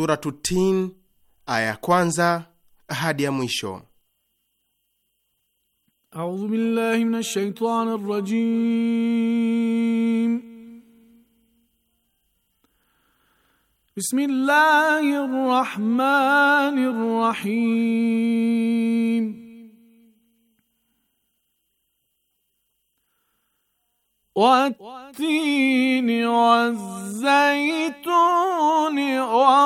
Suratu Tin aya ya kwanza hadi ya mwisho. A'udhu billahi minash shaitani rajim. rahim. والزيتون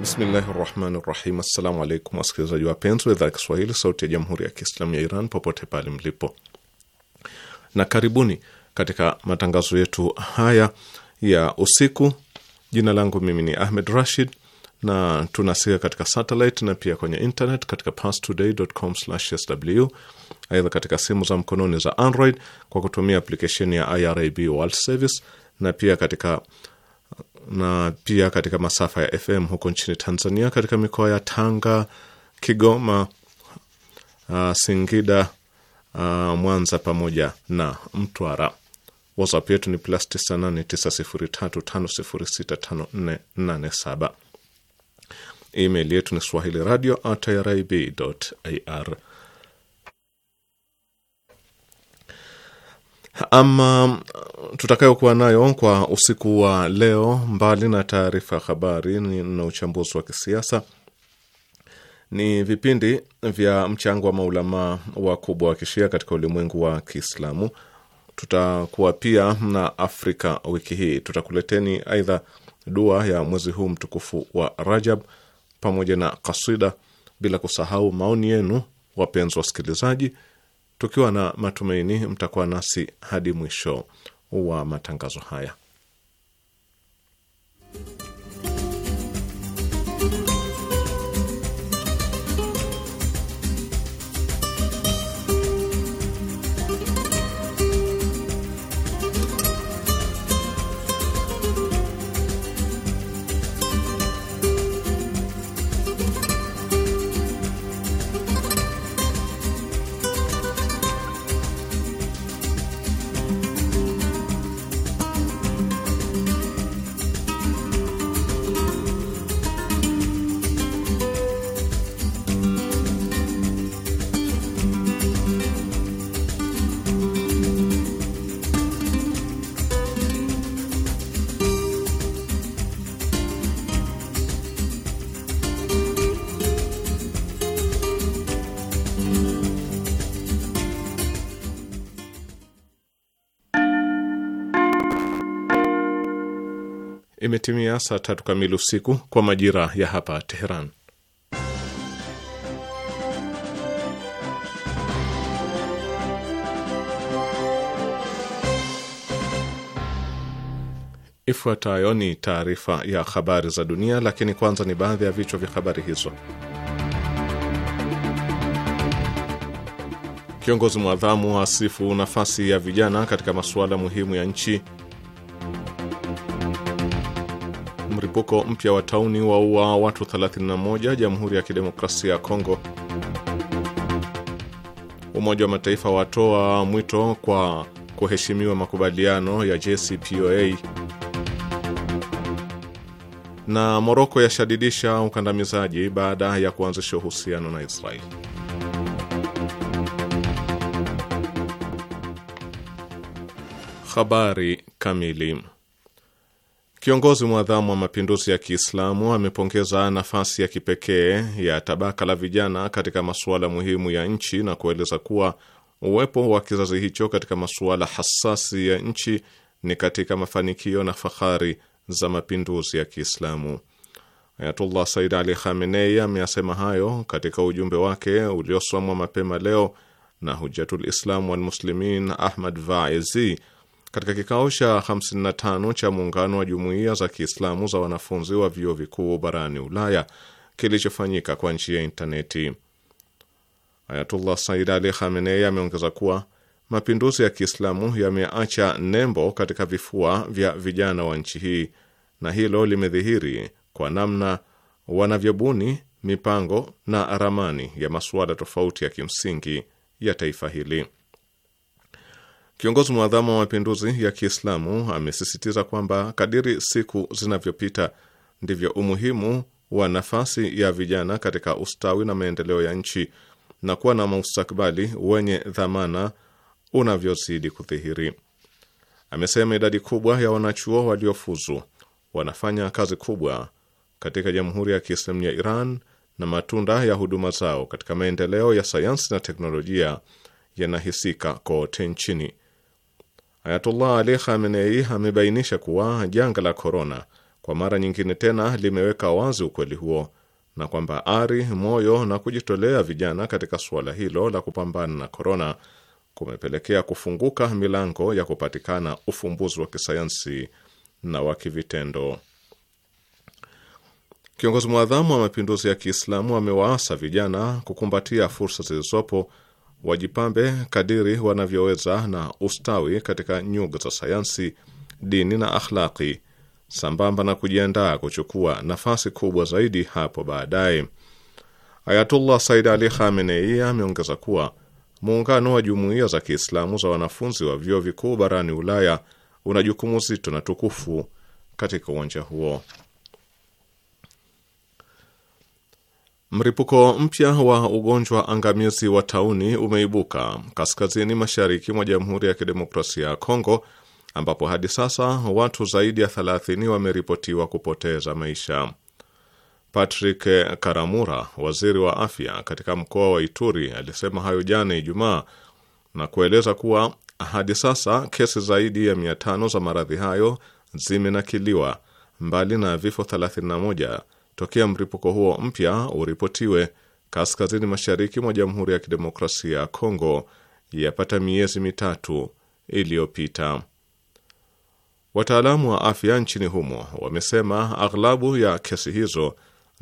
Bismillahi rahmani rahim. Assalamu alaikum wasikilizaji wapenzi wa idhaa ya Kiswahili sauti ya jamhuri ya Kiislamu ya Iran popote pale mlipo, na karibuni katika matangazo yetu haya ya usiku. Jina langu mimi ni Ahmed Rashid na tunasika katika satellite na pia kwenye internet katika parstoday.com/sw. Aidha, katika simu za mkononi za Android kwa kutumia aplikesheni ya IRIB World Service na pia katika na pia katika masafa ya FM huko nchini Tanzania, katika mikoa ya Tanga, Kigoma, uh, Singida, uh, Mwanza pamoja na Mtwara. WhatsApp yetu ni plus 989035065487. Email yetu ni swahili radio at irib.ir. Ama tutakayokuwa nayo kwa usiku wa leo, mbali na taarifa ya habari na uchambuzi wa kisiasa, ni vipindi vya mchango wa maulamaa wakubwa wa kishia katika ulimwengu wa Kiislamu. Tutakuwa pia na Afrika wiki hii. Tutakuleteni aidha dua ya mwezi huu mtukufu wa Rajab pamoja na kasida, bila kusahau maoni yenu, wapenzi wasikilizaji tukiwa na matumaini mtakuwa nasi hadi mwisho wa matangazo haya. imetimia saa tatu kamili usiku kwa majira ya hapa Teheran. Ifuatayo ni taarifa ya habari za dunia, lakini kwanza ni baadhi ya vichwa vya habari hizo. Kiongozi mwadhamu asifu nafasi ya vijana katika masuala muhimu ya nchi Mlipuko mpya wa tauni waua watu 31 Jamhuri ya Kidemokrasia ya Kongo. Umoja wa Mataifa watoa mwito kwa kuheshimiwa makubaliano ya JCPOA. Na Moroko yashadidisha ukandamizaji baada ya kuanzisha uhusiano na Israeli. Habari kamili. Kiongozi mwadhamu wa mapinduzi ya Kiislamu amepongeza nafasi ya kipekee ya tabaka la vijana katika masuala muhimu ya nchi na kueleza kuwa uwepo wa kizazi hicho katika masuala hasasi ya nchi ni katika mafanikio na fahari za mapinduzi ya Kiislamu. Ayatullah Said Ali Khamenei ameyasema hayo katika ujumbe wake uliosomwa mapema leo na Hujatul Islam wal Muslimin Ahmad Vaizi katika kikao cha 55 cha muungano wa jumuiya za Kiislamu za wanafunzi wa vyuo vikuu barani Ulaya kilichofanyika kwa njia ya intaneti. Ayatullah Said Ali Khamenei ameongeza kuwa mapinduzi ya Kiislamu yameacha nembo katika vifua vya vijana wa nchi hii, na hilo limedhihiri kwa namna wanavyobuni mipango na ramani ya masuala tofauti ya kimsingi ya taifa hili. Kiongozi mwadhamu wa mapinduzi ya Kiislamu amesisitiza kwamba kadiri siku zinavyopita ndivyo umuhimu wa nafasi ya vijana katika ustawi na maendeleo ya nchi na kuwa na mustakbali wenye dhamana unavyozidi kudhihiri. Amesema idadi kubwa ya wanachuo waliofuzu wanafanya kazi kubwa katika Jamhuri ya Kiislamu ya Iran na matunda ya huduma zao katika maendeleo ya sayansi na teknolojia yanahisika kote nchini. Ayatullah Ali Khamenei amebainisha kuwa janga la korona kwa mara nyingine tena limeweka wazi ukweli huo na kwamba ari, moyo na kujitolea vijana katika suala hilo la kupambana na korona kumepelekea kufunguka milango ya kupatikana ufumbuzi wa kisayansi na wa kivitendo. Kiongozi mwadhamu wa mapinduzi ya Kiislamu amewaasa vijana kukumbatia fursa zilizopo wajipambe kadiri wanavyoweza na ustawi katika nyuga za sayansi, dini na akhlaki, sambamba na kujiandaa kuchukua nafasi kubwa zaidi hapo baadaye. Ayatullah Said Ali Khamenei ameongeza kuwa muungano wa jumuiya za Kiislamu za wanafunzi wa vyuo vikuu barani Ulaya una jukumu zito na tukufu katika uwanja huo. Mripuko mpya wa ugonjwa angamizi wa tauni umeibuka kaskazini mashariki mwa Jamhuri ya Kidemokrasia ya Kongo ambapo hadi sasa watu zaidi ya 30 wameripotiwa kupoteza maisha. Patrick Karamura, waziri wa afya katika mkoa wa Ituri, alisema hayo jana Ijumaa na kueleza kuwa hadi sasa kesi zaidi ya 500 za maradhi hayo zimenakiliwa mbali na vifo 31 tokea mlipuko huo mpya uripotiwe kaskazini mashariki mwa Jamhuri ya Kidemokrasia ya Kongo yapata miezi mitatu iliyopita. Wataalamu wa afya nchini humo wamesema aghlabu ya kesi hizo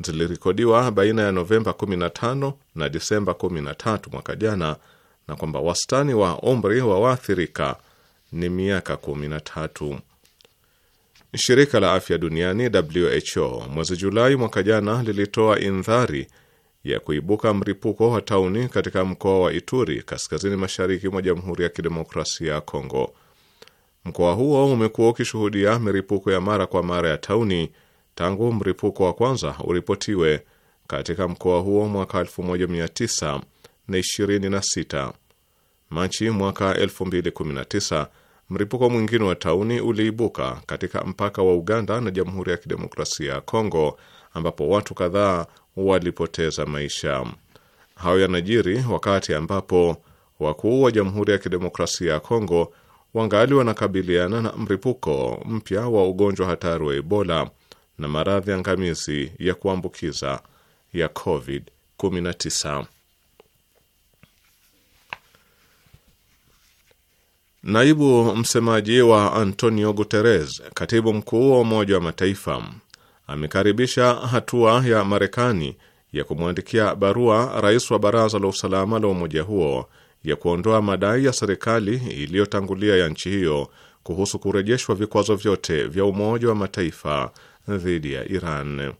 zilirekodiwa baina ya Novemba 15 na Disemba 13 mwaka jana, na kwamba wastani wa umri wa waathirika ni miaka 13. Shirika la Afya Duniani WHO mwezi Julai mwaka jana lilitoa indhari ya kuibuka mripuko wa tauni katika mkoa wa Ituri kaskazini mashariki mwa Jamhuri ya Kidemokrasia ya Kongo. Mkoa huo umekuwa ukishuhudia miripuko ya mara kwa mara ya tauni tangu mripuko wa kwanza uripotiwe katika mkoa huo mwaka 1926 Machi mwaka Mripuko mwingine wa tauni uliibuka katika mpaka wa Uganda na Jamhuri ya Kidemokrasia ya Kongo ambapo watu kadhaa walipoteza maisha. Hayo yanajiri wakati ambapo wakuu wa Jamhuri ya Kidemokrasia ya Kongo wangali wanakabiliana na mripuko mpya wa ugonjwa hatari wa Ebola na maradhi angamizi ya kuambukiza ya COVID-19. Naibu msemaji wa Antonio Guterres, katibu mkuu wa Umoja wa Mataifa, amekaribisha hatua ya Marekani ya kumwandikia barua rais wa Baraza la Usalama la umoja huo ya kuondoa madai ya serikali iliyotangulia ya nchi hiyo kuhusu kurejeshwa vikwazo vyote vya Umoja wa Mataifa dhidi ya Iran.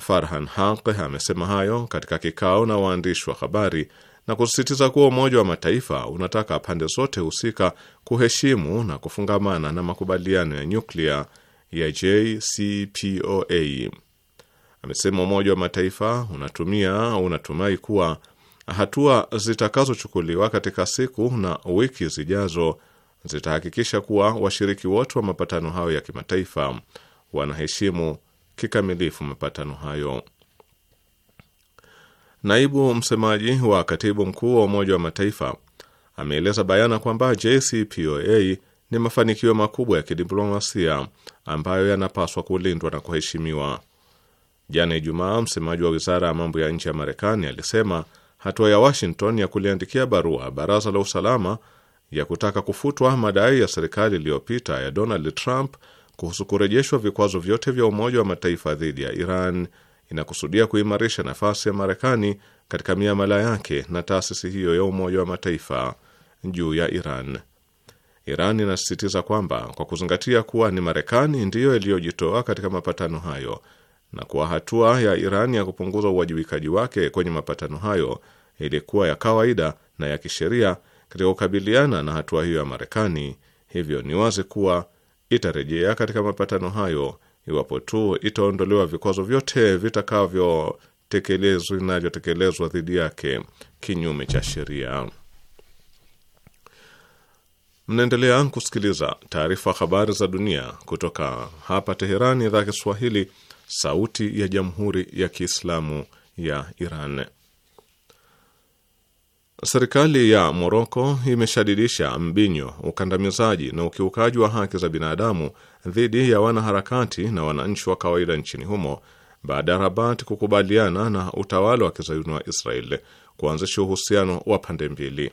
Farhan Haq amesema hayo katika kikao na waandishi wa habari na kusisitiza kuwa Umoja wa Mataifa unataka pande zote husika kuheshimu na kufungamana na makubaliano ya nyuklia ya JCPOA. Amesema Umoja wa Mataifa unatumia unatumai kuwa hatua zitakazochukuliwa katika siku na wiki zijazo zitahakikisha kuwa washiriki wote wa mapatano hayo ya kimataifa wanaheshimu kikamilifu mapatano hayo. Naibu msemaji wa katibu mkuu wa Umoja wa Mataifa ameeleza bayana kwamba JCPOA ni mafanikio makubwa ya kidiplomasia ambayo yanapaswa kulindwa na kuheshimiwa. Jana Ijumaa, msemaji wa wizara ya mambo ya nje ya Marekani alisema hatua ya Washington ya kuliandikia barua baraza la usalama ya kutaka kufutwa madai ya serikali iliyopita ya Donald Trump kuhusu kurejeshwa vikwazo vyote vya Umoja wa Mataifa dhidi ya Iran inakusudia kuimarisha nafasi ya Marekani katika miamala yake na taasisi hiyo ya Umoja wa Mataifa juu ya Iran. Iran inasisitiza kwamba kwa kuzingatia kuwa ni Marekani ndiyo iliyojitoa katika mapatano hayo na kuwa hatua ya Iran ya kupunguza uwajibikaji wake kwenye mapatano hayo ilikuwa ya kawaida na ya kisheria katika kukabiliana na hatua hiyo ya Marekani, hivyo ni wazi kuwa itarejea katika mapatano hayo iwapo tu itaondolewa vikwazo vyote vitakavyotekelezwa inavyotekelezwa dhidi yake kinyume cha sheria. Mnaendelea kusikiliza taarifa habari za dunia kutoka hapa Teherani, idhaa Kiswahili, sauti ya jamhuri ya kiislamu ya Iran. Serikali ya Moroko imeshadidisha mbinyo, ukandamizaji na ukiukaji wa haki za binadamu dhidi ya wanaharakati na wananchi wa kawaida nchini humo baada ya Rabat kukubaliana na utawala wa kizayuni wa Israel kuanzisha uhusiano wa pande mbili.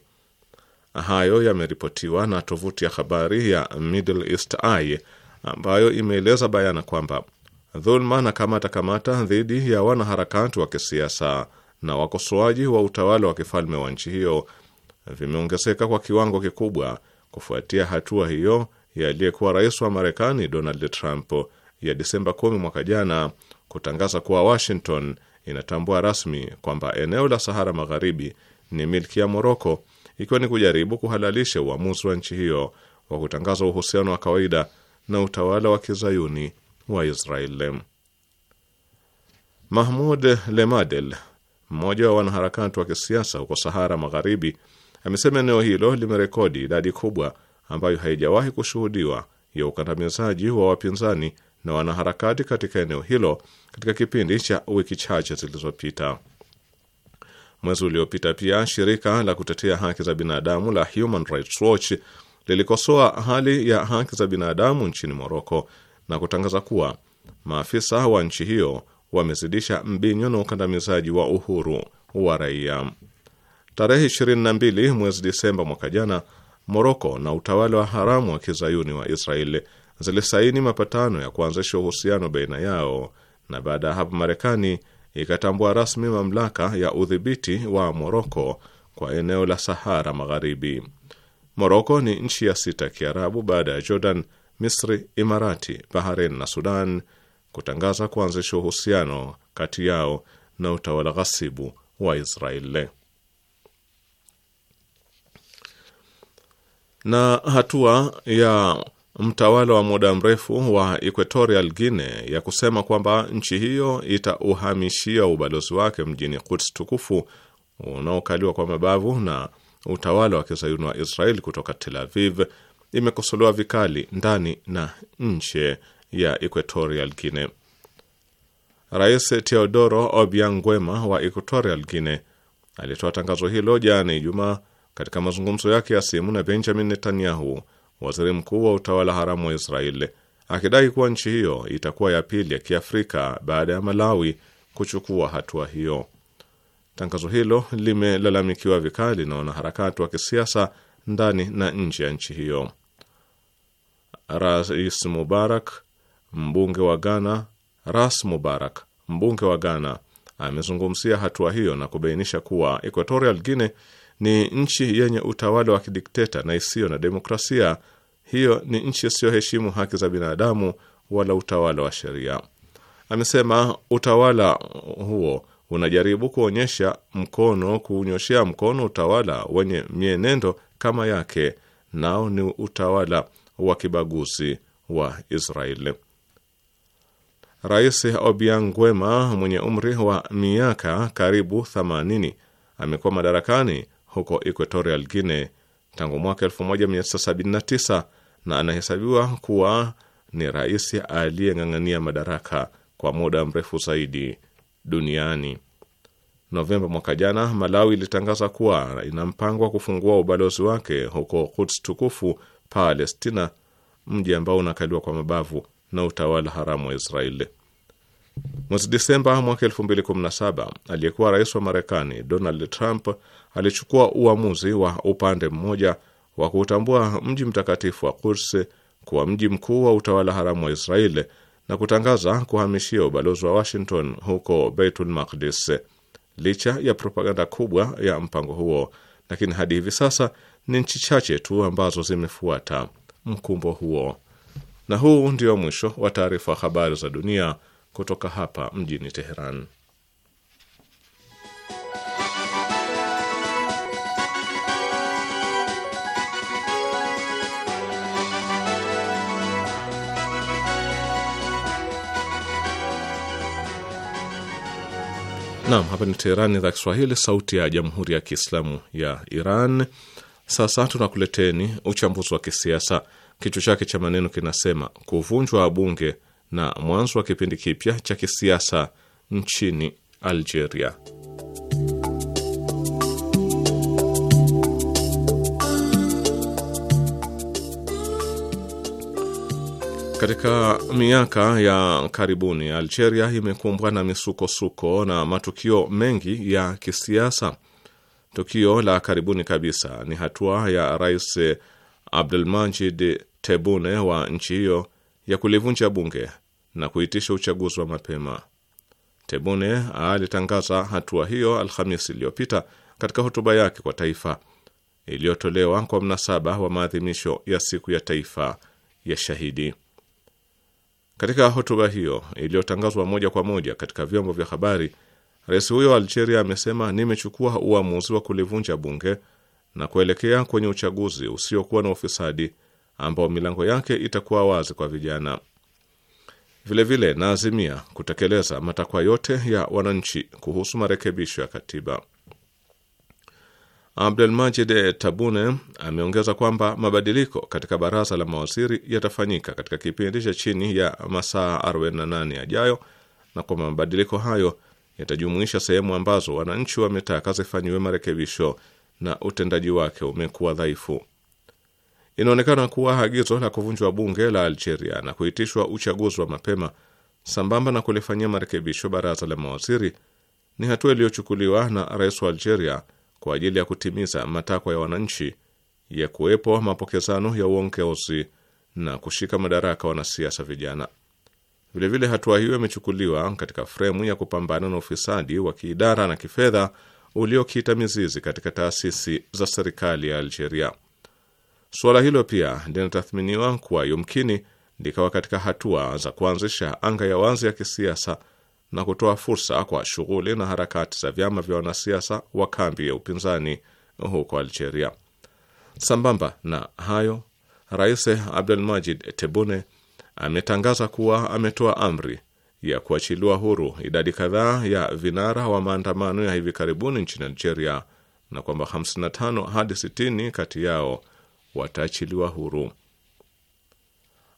Hayo yameripotiwa na tovuti ya habari ya Middle East Eye ambayo imeeleza bayana kwamba dhulma na kamata kamata dhidi ya wanaharakati wa kisiasa na wakosoaji wa utawala wa kifalme wa nchi hiyo vimeongezeka kwa kiwango kikubwa kufuatia hatua hiyo ya aliyekuwa rais wa Marekani Donald Trump ya Disemba 10 mwaka jana kutangaza kuwa Washington inatambua rasmi kwamba eneo la Sahara Magharibi ni milki ya Moroko, ikiwa ni kujaribu kuhalalisha uamuzi wa nchi hiyo wa kutangaza uhusiano wa kawaida na utawala wa kizayuni wa Israel. Mahmud Lemadel, mmoja wa wanaharakati wa kisiasa huko Sahara Magharibi, amesema eneo hilo limerekodi idadi kubwa ambayo haijawahi kushuhudiwa ya ukandamizaji wa wapinzani na wanaharakati katika eneo hilo katika kipindi cha wiki chache zilizopita. Mwezi uliopita pia shirika la kutetea haki za binadamu la Human Rights Watch lilikosoa hali ya haki za binadamu nchini Moroko na kutangaza kuwa maafisa wa nchi hiyo wamezidisha mbinyo na ukandamizaji wa uhuru wa raia. Tarehe 22 mwezi Disemba mwaka jana, Moroko na utawala wa haramu wa kizayuni wa Israeli zilisaini mapatano ya kuanzisha uhusiano baina yao, na baada ya hapo Marekani ikatambua rasmi mamlaka ya udhibiti wa Moroko kwa eneo la Sahara Magharibi. Moroko ni nchi ya sita Kiarabu baada ya Jordan, Misri, Imarati, Bahrain na Sudan kutangaza kuanzisha uhusiano kati yao na utawala ghasibu wa Israeli. na hatua ya mtawala wa muda mrefu wa Equatorial Guinea ya kusema kwamba nchi hiyo itauhamishia ubalozi wake mjini Quds tukufu unaokaliwa kwa mabavu na utawala wa kizayuni wa Israel kutoka Tel Aviv imekosolewa vikali ndani na nje ya Equatorial Guinea. Rais Teodoro Obiang Nguema wa Equatorial Guinea alitoa tangazo hilo jana Ijumaa katika mazungumzo yake ya simu na Benjamin Netanyahu, waziri mkuu wa utawala haramu wa Israeli, akidai kuwa nchi hiyo itakuwa ya pili ya Kiafrika baada ya Malawi kuchukua hatua hiyo. Tangazo hilo limelalamikiwa vikali na wanaharakati wa kisiasa ndani na nje ya nchi hiyo. Rais Mubarak, mbunge wa Ghana, Ras Mubarak, mbunge wa Ghana, amezungumzia hatua hiyo na kubainisha kuwa Equatorial Guinea ni nchi yenye utawala wa kidikteta na isiyo na demokrasia. Hiyo ni nchi isiyoheshimu haki za binadamu wala utawala wa sheria. Amesema utawala huo unajaribu kuonyesha mkono, kuunyoshea mkono utawala wenye mienendo kama yake, nao ni utawala wa kibaguzi wa Israeli. Rais Obiang Gwema mwenye umri wa miaka karibu 80 amekuwa madarakani huko Equatorial Guinea tangu mwaka 1979 na anahesabiwa kuwa ni rais aliyeng'ang'ania madaraka kwa muda mrefu zaidi duniani. Novemba mwaka jana, Malawi ilitangaza kuwa ina mpango wa kufungua ubalozi wake huko Quds tukufu Palestina, mji ambao unakaliwa kwa mabavu na utawala haramu wa Israeli. Mwezi Disemba mwaka 217 aliyekuwa rais wa Marekani Donald Trump alichukua uamuzi wa upande mmoja wa kuutambua mji mtakatifu wa Quds kuwa mji mkuu wa utawala haramu wa Israeli na kutangaza kuhamishia ubalozi wa Washington huko Beitul Makdis. Licha ya propaganda kubwa ya mpango huo, lakini hadi hivi sasa ni nchi chache tu ambazo zimefuata mkumbo huo. Na huu ndio mwisho wa taarifa habari za dunia kutoka hapa mjini Teheran. Nam, hapa ni Teherani, idhaa Kiswahili, sauti ya jamhuri ya kiislamu ya Iran. Sasa tunakuleteni uchambuzi wa kisiasa, kichwa chake cha maneno kinasema kuvunjwa bunge na mwanzo wa kipindi kipya cha kisiasa nchini Algeria. Katika miaka ya karibuni Algeria imekumbwa na misukosuko na matukio mengi ya kisiasa. Tukio la karibuni kabisa ni hatua ya Rais Abdelmajid tebune wa nchi hiyo ya kulivunja bunge na kuitisha uchaguzi wa mapema. Tebune alitangaza hatua hiyo Alhamisi iliyopita katika hotuba yake kwa taifa iliyotolewa kwa mnasaba wa maadhimisho ya siku ya taifa ya shahidi. Katika hotuba hiyo iliyotangazwa moja kwa moja katika vyombo vya habari, rais huyo wa Algeria amesema, nimechukua uamuzi wa kulivunja bunge na kuelekea kwenye uchaguzi usiokuwa na ufisadi ambao milango yake itakuwa wazi kwa vijana vilevile na azimia kutekeleza matakwa yote ya wananchi kuhusu marekebisho ya katiba. Abdelmajid Tabune ameongeza kwamba mabadiliko katika baraza la mawaziri yatafanyika katika kipindi cha chini ya masaa 48 yajayo na kwamba mabadiliko hayo yatajumuisha sehemu ambazo wananchi wametaka zifanyiwe marekebisho na utendaji wake umekuwa dhaifu. Inaonekana kuwa agizo la kuvunjwa bunge la Algeria na kuitishwa uchaguzi wa mapema sambamba na kulifanyia marekebisho baraza la mawaziri ni hatua iliyochukuliwa na rais wa Algeria kwa ajili ya kutimiza matakwa ya wananchi ya kuwepo mapokezano ya uongozi na kushika madaraka wanasiasa vijana. Vilevile, hatua hiyo imechukuliwa katika fremu ya kupambana na ufisadi wa kiidara na kifedha uliokita mizizi katika taasisi za serikali ya Algeria. Suala hilo pia linatathminiwa kuwa yumkini likawa katika hatua za kuanzisha anga ya wazi ya kisiasa na kutoa fursa kwa shughuli na harakati za vyama vya wanasiasa wa kambi ya upinzani huko Algeria. Sambamba na hayo, Rais abdul majid tebune ametangaza kuwa ametoa amri ya kuachiliwa huru idadi kadhaa ya vinara wa maandamano ya hivi karibuni nchini Algeria na kwamba 55 hadi 60 kati yao wataachiliwa huru.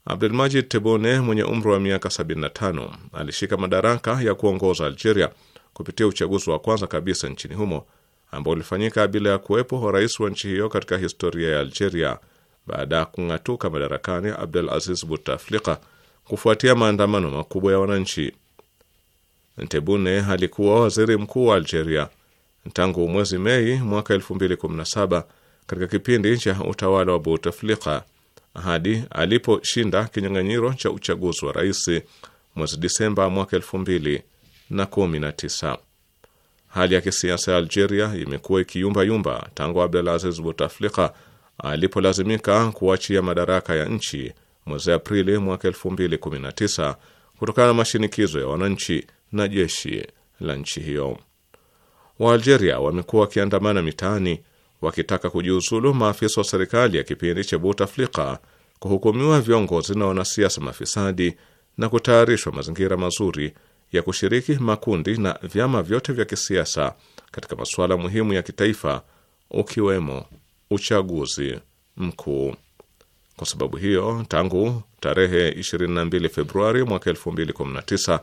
Abdelmajid Tebone mwenye umri wa miaka 75 alishika madaraka ya kuongoza Algeria kupitia uchaguzi wa kwanza kabisa nchini humo ambao ulifanyika bila ya kuwepo rais wa nchi hiyo katika historia ya Algeria baada ya kung'atuka madarakani Abdel Aziz Bouteflika kufuatia maandamano makubwa ya wananchi. Tebune alikuwa waziri mkuu wa Algeria tangu mwezi Mei mwaka 2017 katika kipindi cha utawala wa Bouteflika hadi aliposhinda kinyang'anyiro cha uchaguzi wa rais mwezi Disemba mwaka elfu mbili na kumi na tisa. Hali ya kisiasa ya Algeria imekuwa ikiyumbayumba tangu Abdelaziz Bouteflika alipolazimika kuachia madaraka ya nchi mwezi Aprili mwaka elfu mbili kumi na tisa kutokana na mashinikizo ya wananchi na jeshi la nchi hiyo. Waalgeria wamekuwa wakiandamana mitaani wakitaka kujiuzulu maafisa wa serikali ya kipindi cha Bouteflika, kuhukumiwa viongozi na wanasiasa mafisadi na kutayarishwa mazingira mazuri ya kushiriki makundi na vyama vyote vya kisiasa katika masuala muhimu ya kitaifa ukiwemo uchaguzi mkuu. Kwa sababu hiyo, tangu tarehe 22 Februari mwaka 2019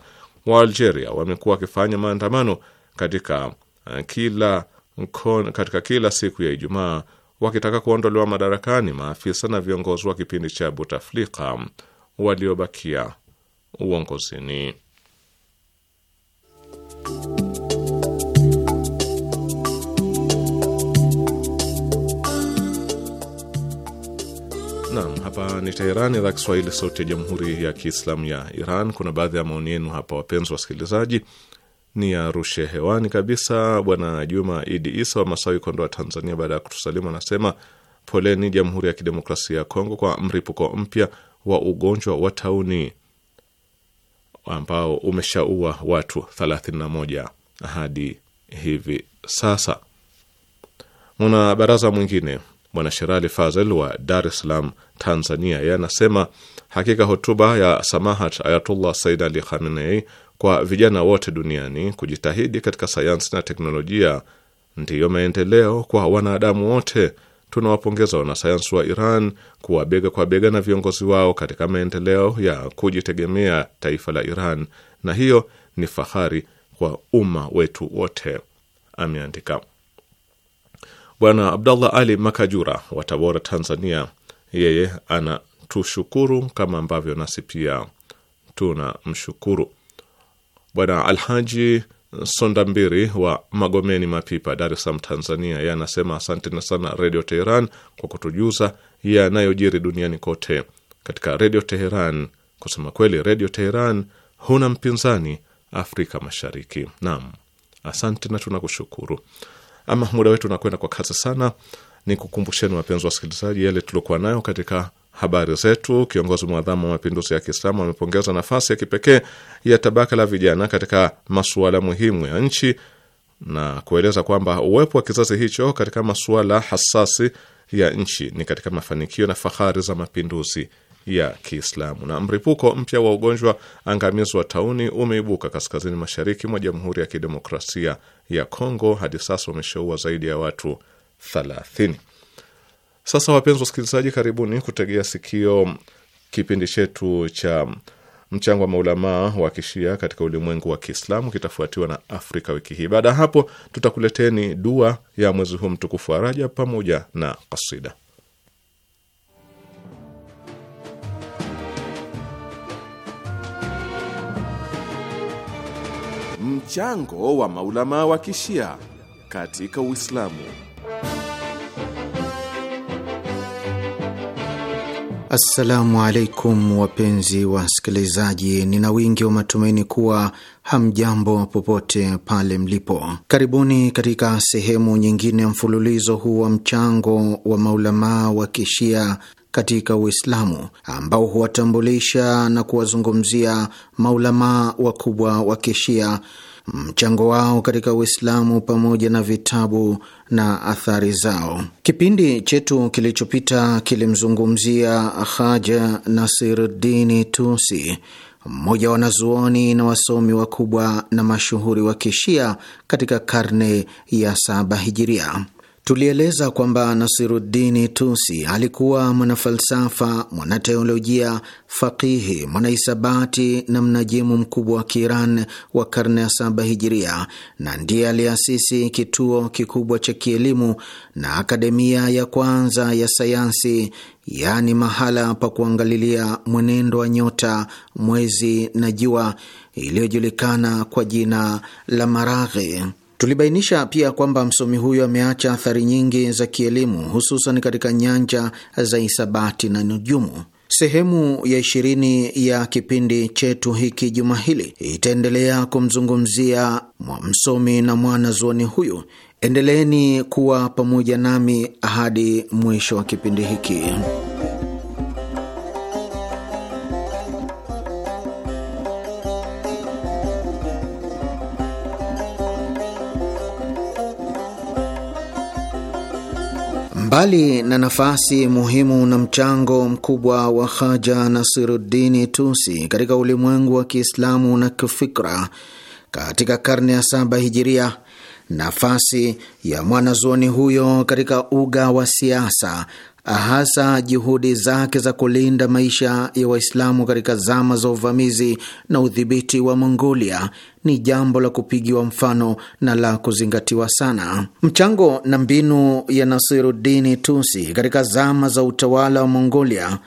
wa Algeria wamekuwa wakifanya maandamano katika eh, kila mkono katika kila siku ya Ijumaa wakitaka kuondolewa madarakani maafisa na viongozi wa kipindi cha Butaflika waliobakia uongozini. Naam, hapa ni Teherani, idhaa Kiswahili, sauti ya jamhuri ya kiislamu ya Iran. Kuna baadhi ya maoni yenu hapa, wapenzi wasikilizaji ni ya rushe hewani kabisa. Bwana Juma Idi Isa wa Masawi, Kondoa, Tanzania, baada ya kutusalimu anasema poleni Jamhuri ya Kidemokrasia ya Kongo kwa mripuko mpya wa ugonjwa wa tauni ambao umeshaua watu 31 hadi hivi sasa. Mwana baraza mwingine Bwana Sherali Fazel wa Dar es Salaam, Tanzania, yeye anasema hakika hotuba ya samahat Ayatullah Said Ali Khamenei kwa vijana wote duniani kujitahidi katika sayansi na teknolojia ndiyo maendeleo kwa wanadamu wote. Tunawapongeza wanasayansi wa Iran kuwa bega kwa bega na viongozi wao katika maendeleo ya kujitegemea taifa la Iran, na hiyo ni fahari kwa umma wetu wote, ameandika Bwana Abdallah Ali Makajura wa Tabora, Tanzania. Yeye anatushukuru kama ambavyo nasi pia tunamshukuru. Bwana Alhaji Mbiri wa Magomeni Mapipa, Dar es Salaam, Tanzania, yeye anasema asanteni sana Redio Teheran kwa kutujuza yanayojiri duniani kote katika Redio Teheran. Kusema kweli, Redio Teheran huna mpinzani Afrika Mashariki. Naam, asante na tunakushukuru. Ama muda wetu unakwenda kwa kasi sana, ni kukumbusheni wapenzi wasikilizaji, yale tuliokuwa nayo katika habari zetu, kiongozi mwadhamu wa mapinduzi ya Kiislamu amepongeza nafasi ya kipekee ya tabaka la vijana katika masuala muhimu ya nchi na kueleza kwamba uwepo wa kizazi hicho katika masuala hasasi ya nchi ni katika mafanikio na fahari za mapinduzi ya Kiislamu. Na mripuko mpya wa ugonjwa angamizi wa tauni umeibuka kaskazini mashariki mwa Jamhuri ya Kidemokrasia ya Kongo, hadi sasa wameshaua zaidi ya watu thelathini. Sasa wapenzi wasikilizaji, karibuni kutegea sikio kipindi chetu cha mchango wa maulamaa wa kishia katika ulimwengu wa Kiislamu, kitafuatiwa na Afrika wiki hii. Baada ya hapo, tutakuleteni dua ya mwezi huu mtukufu wa Raja pamoja na kasida. Mchango wa maulamaa wa kishia katika Uislamu. Assalamu alaikum wapenzi wasikilizaji, nina wingi wa matumaini kuwa hamjambo popote pale mlipo. Karibuni katika sehemu nyingine ya mfululizo huu wa mchango wa maulamaa wa kishia katika Uislamu ambao huwatambulisha na kuwazungumzia maulamaa wakubwa wa kishia mchango wao katika Uislamu pamoja na vitabu na athari zao. Kipindi chetu kilichopita kilimzungumzia Haja Nasiruddini Tusi, mmoja wa wanazuoni na wasomi wakubwa na mashuhuri wa Kishia katika karne ya saba Hijiria. Tulieleza kwamba Nasiruddini Tusi alikuwa mwanafalsafa, mwanateolojia, faqihi, mwanahisabati na mnajimu mkubwa wa Kiiran wa karne ya saba hijiria, na ndiye aliasisi kituo kikubwa cha kielimu na akademia ya kwanza ya sayansi, yaani mahala pa kuangalilia mwenendo wa nyota, mwezi na jua, iliyojulikana kwa jina la Maraghi. Tulibainisha pia kwamba msomi huyo ameacha athari nyingi za kielimu, hususan katika nyanja za hisabati na nujumu. Sehemu ya ishirini ya kipindi chetu hiki juma hili itaendelea kumzungumzia msomi na mwana zuoni huyu. Endeleeni kuwa pamoja nami hadi mwisho wa kipindi hiki. Mbali na nafasi muhimu na mchango mkubwa wa Haja Nasiruddini Tusi katika ulimwengu wa Kiislamu na kifikra katika karne ya saba hijiria, nafasi ya mwanazuoni huyo katika uga wa siasa hasa juhudi zake za kulinda maisha ya Waislamu katika zama za uvamizi na udhibiti wa Mongolia ni jambo la kupigiwa mfano na la kuzingatiwa sana. Mchango na mbinu ya Nasiruddini Tusi katika zama za utawala wa Mongolia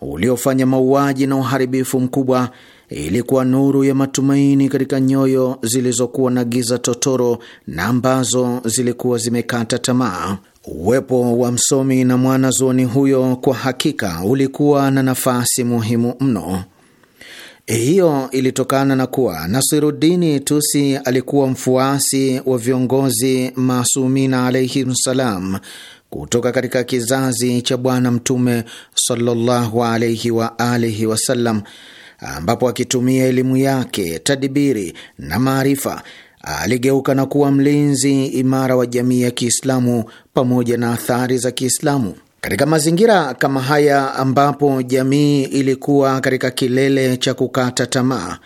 uliofanya mauaji na uharibifu mkubwa ilikuwa nuru ya matumaini katika nyoyo zilizokuwa na giza totoro na ambazo zilikuwa zimekata tamaa. Uwepo wa msomi na mwanazuoni huyo kwa hakika ulikuwa na nafasi muhimu mno. Hiyo ilitokana na kuwa Nasirudini Tusi alikuwa mfuasi wa viongozi Masumina alaihim salam kutoka katika kizazi cha Bwana Mtume sallallahu alaihi wa alihi wasallam, ambapo akitumia elimu yake, tadibiri na maarifa aligeuka na kuwa mlinzi imara wa jamii ya Kiislamu pamoja na athari za Kiislamu. Katika mazingira kama haya ambapo jamii ilikuwa katika kilele cha kukata tamaa,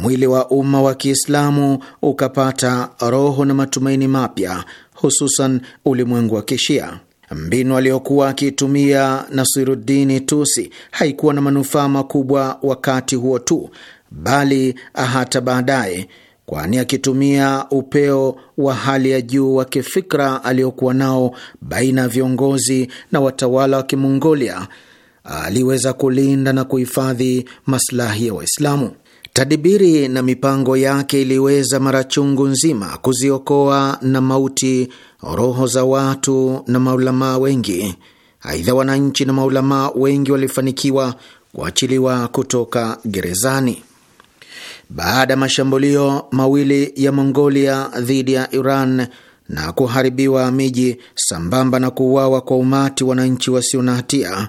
mwili wa umma wa Kiislamu ukapata roho na matumaini mapya, hususan ulimwengu wa Kishia. Mbinu aliyokuwa akiitumia Nasiruddini Tusi haikuwa na manufaa makubwa wakati huo tu, bali hata baadaye kwani akitumia upeo wa hali ya juu wa kifikra aliyokuwa nao baina ya viongozi na watawala wa Kimongolia aliweza kulinda na kuhifadhi maslahi ya Waislamu. Tadibiri na mipango yake iliweza mara chungu nzima kuziokoa na mauti roho za watu na maulamaa wengi. Aidha, wananchi na maulamaa wengi walifanikiwa kuachiliwa kutoka gerezani baada ya mashambulio mawili ya Mongolia dhidi ya Iran na kuharibiwa miji sambamba na kuuawa kwa umati wananchi wasio na hatia,